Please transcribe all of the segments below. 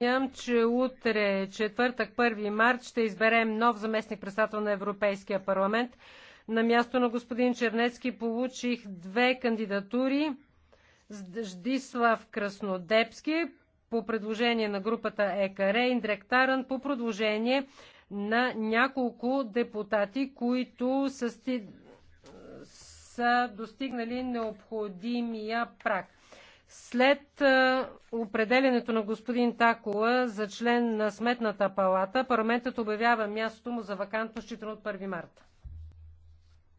Напомням, че утре, четвъртък, 1 март, ще изберем нов заместник председател на Европейския парламент. На място на господин Чернецки получих две кандидатури. Ждислав Краснодепски по предложение на групата ЕКР, Индрек Таран по предложение на няколко депутати, които са, са достигнали необходимия прак. След определенето на господин Такола за член на Сметната палата, парламентът обявява мястото му за вакантно, считано от 1 марта.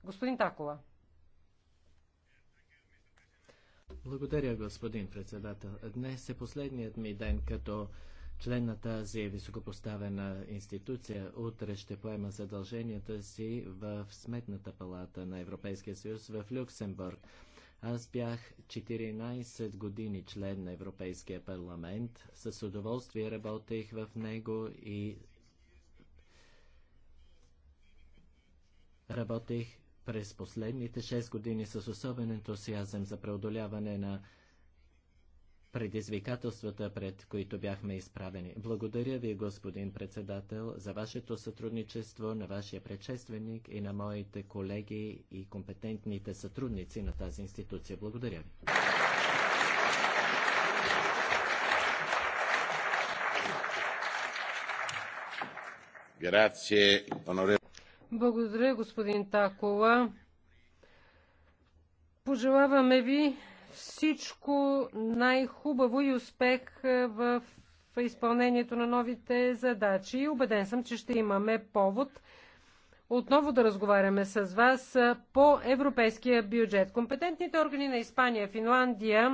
Господин Такола. Благодаря, господин председател. Днес е последният ми ден като член на тази високопоставена институция. Утре ще поема задълженията си в Сметната палата на Европейския съюз в Люксембург. Аз бях 14 години член на Европейския парламент. С удоволствие работех в него и работех през последните 6 години с особен ентусиазъм за преодоляване на предизвикателствата, пред които бяхме изправени. Благодаря ви, господин председател, за вашето сътрудничество, на вашия предшественик и на моите колеги и компетентните сътрудници на тази институция. Благодаря ви. Благодаря, господин Такола. Пожелаваме ви всичко най-хубаво и успех е, в изпълнението на новите задачи. Обеден съм, че ще имаме повод отново да разговаряме с вас е, по европейския бюджет. Компетентните органи на Испания, Финландия